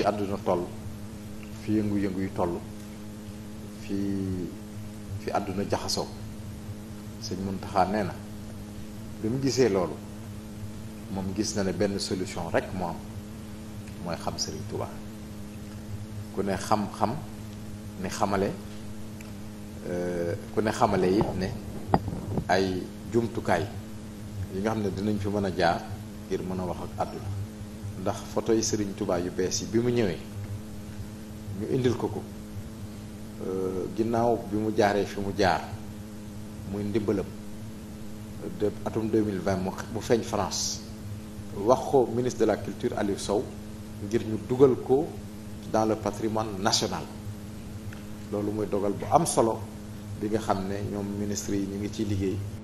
fi àdduna toll fi yëngu-yëngu yu toll fii fi àdduna jaxasoo sëñ Muntaxa nee na bi mu gisee loolu moom gis na ne benn solution rek moo am mooy xam Sëriñ Tuubaa ku xam-xam ni xamale ku ne xamale yi ne ay jumtukaay yi nga xam ne dinañ fi mën a jaar ngir mën a wax ak àdduna ndax photo yi Serigne Touba yu bees yi bi mu ñëwee ñu indil ko ko euh, ginnaaw bi mu jaaree fi mu jaar muy ndimbalam de atum 2020 mu feeñ France wax ko ministre de la culture Aliou Sow ngir ñu dugal ko dans le patrimoine national loolu mooy dogal bu am solo bi nga xam ne ñoom ministre yi ñu ngi ciy liggéey